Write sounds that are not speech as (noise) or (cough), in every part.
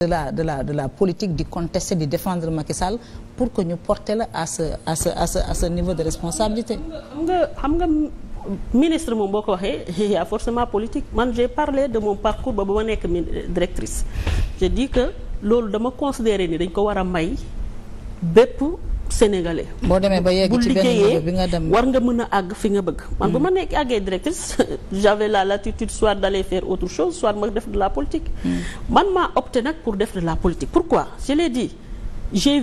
de la de la de la politique di contester di défendre Macky Sall pour que ñu porter la à ce à ce à niveau de responsabilité. xam nga xam nga ministre moom boo ko waxee il y a forcément politique man j'ai parlé de mon parcours ba ba ma nekk directrice. je di que loolu dama considérer ni dañ ko war a may bépp. sénégalais. boo demee ba yegg ci bi nga dem war nga mën a àgg fi nga bëgg. man bu ma mm. nekk àggee directrice (laughs) j'avais la latitude soit d'aller faire autre chose soit ma def de la politique. Mm. man maa opté nag pour def de la politique pourquoi je l'ai dit j'ai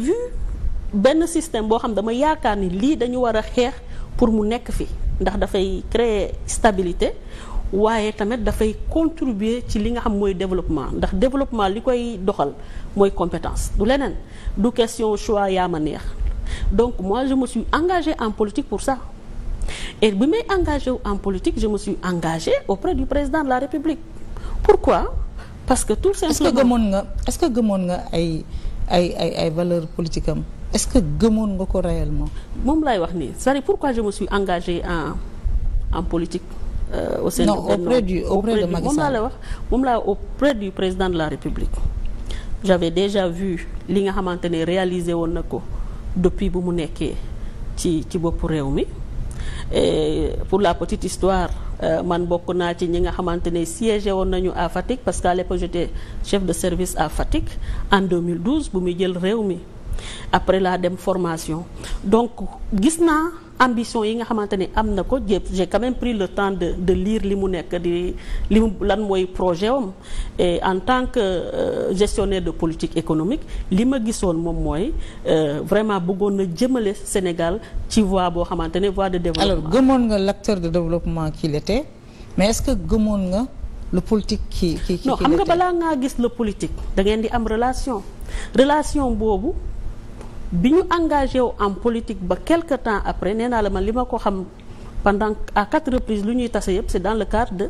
benn système boo xam dama yaakaar ni lii dañu war a xeex pour mu nekk fi ndax dafay créer stabilité. waaye tamit dafay contribuer ci li nga xam mooy développement ndax développement li koy doxal mooy compétence du leneen du questi choix yaa ma neex donc moi je me suis engagée en politique pour ça et bi may engagé en politique je me suis engagée auprès du président de la République pourquoi parce que tout simplement est-ce que nga est-ce que gëmoon nga ay ay ay ay valeurs politique am est-ce que gëmoon nga ko réellement moom laay wax ni c'est-à-dire pourquoi je me suis engagée en en politique euh, au sein non, du auprès du auprès de Macky moom laa la wax moom laa auprès du président de la République j'avais déjà vu li nga xamante ne réalisé woon na ko depuis bu mu nekkee ci ci boppu réew mi e pour la petite histoire euh, man bokk naa ci ñi nga xamante ne siégé woon nañu à Fatick parce qu'à l'époque j'étais chef de service à Fatick en 2012 bu muy jël réew mi après la dem formation donc gis naa ambition yi nga xamante ni am na ko jépp j'ai quand même pris le temps de de li mu nekk di li mu lan mooy projet am en tant que euh, gestionnaire de politique économique li ma gisoon moom mooy euh, vraiment bëggoon na jëmale Sénégal ci voie boo xamante ne voie de développement. alors gëmoon nga l'acteur de développement qu'il était mais est-ce que gëmoon nga le politique qui qui qui non xam nga balaa ngaa gis le politique da ngeen di am relation relation boobu. bi ñu engagé wu en politique ba quelque temps après nee naa la man li ma ko xam pendant à quatre reprises lu ñuy tase yëpp c'est dans le cadre de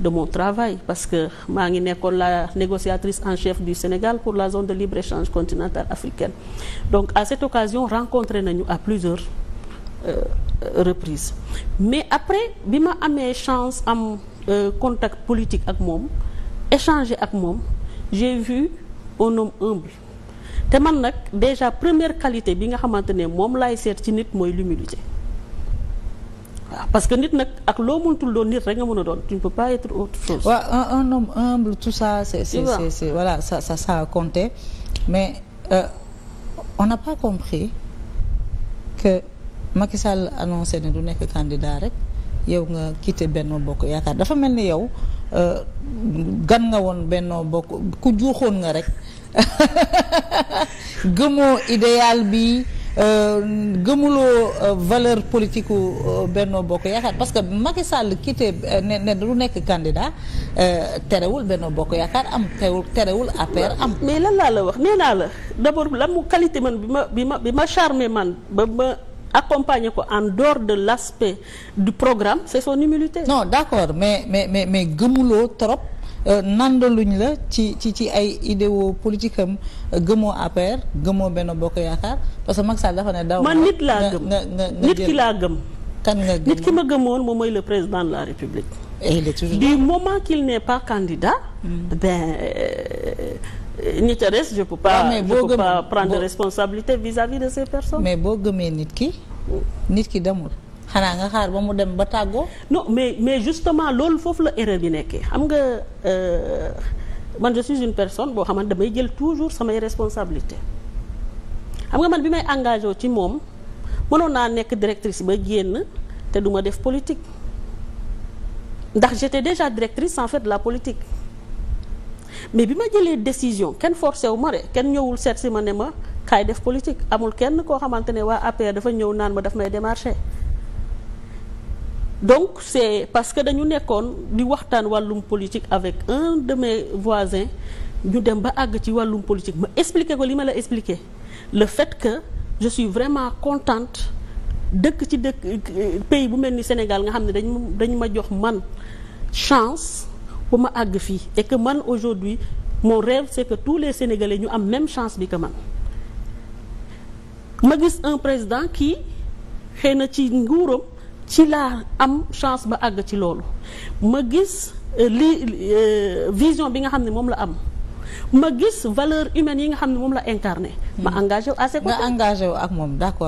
de mon travail parce que maa ngi nekkoon la négociatrice en chef du Sénégal pour la zone de libre-échange continentale africaine donc à cette occasion rencontré nañu à plusieurs euh, reprises mais après bi ma amee chance am euh, contact politique ak moom échanger ak moom j'ai vu un homme humble te man nag déjà première qualité bi nga xamante ne moom laay seet ci nit mooy l'humilité waaw parce que nit nag ak loo mëntul doon nit rek nga mën a doon tu ne peux pas être voilà ça a compté mais euh, on n'a pas compris que Macky annoncé ne du nekk candidat rek yow nga quitté Benno Bokk Yaakaar dafa mel ni yow euh, gan nga woon Benno Bokk ku juuxoon nga rek. (laughs) gëmoo idéal bi euh, gëmuloo euh, valeur politique u euh, Benno Bokk Yaakaar parce que Macky Sall quitté ne ne lu nekk candidat terewul Benno Bokk Yaakaar am terewul terewul APR am. mais lan laa la wax nee naa la d'abord lan mu qualité man bi ma bi ma bi ma man ba ma. accompagner ko en dehors de l'aspect du programme c'est son humilité. non d'accord mais mais mais mais gëmuloo trop. Euh, nandaluñ la ci ci ci ay idéo politique am euh, gëmoo APR gëmoo benn Bokk Yaakaar parce que Macky Sall dafa ne daw. man nit laa gëm nit ki laa gëm. kan nga gëm nit ki ma gëmoon moom mooy le président de la République. et il est toujours du moment qu'il n'est pas candidat. Mm. ben. Euh, ñi je peux pas ah, je peux prendre responsabilité vis-à-vis de ces personnes. mais boo gëmee nit ki nit ki demul. xanaa nga xaar ba mu dem ba tàggoo. non mais mais justement loolu foofu la erreur bi nekkee xam nga euh, man je une personne boo xamante damay jël toujours samay responsabilité xam nga man bi may engagé ci moom mënoon naa nekk directrice ba génn te du ma def politique ndax j'étais déjà directrice sans fait la politique mais bi ma jëlee décision kenn forcé wu ma de kenn ñëwul seet si ma ne ma kaay def politique amul kenn koo xamante ne waa APR dafa ñëw naan ma daf may démarché donc c'est parce que dañu nekkoon di waxtaan wàllum politique avec un de mes voisins ñu dem ba àgg ci wàllum politique ma expliquer ko li ma la expliquer le fait que je suis vraiment contente dëkk ci dëkk pays bu mel ni Sénégal nga xam ne dañu dañu ma jox man chance bu ma àgg fii et que man aujourd'hui mon rêve c'est que tous les Sénégalais ñu am même chance bi ko man ma gis un président qui xëy na ci nguuram ci laa am chance ba àgg ci loolu ma gis euh, li euh, vision bi nga xam ne moom la am ma gis valeur humaine yi nga xam ne moom la incarné ma hmm. engage wu à nga engagé wu ak moom d'accord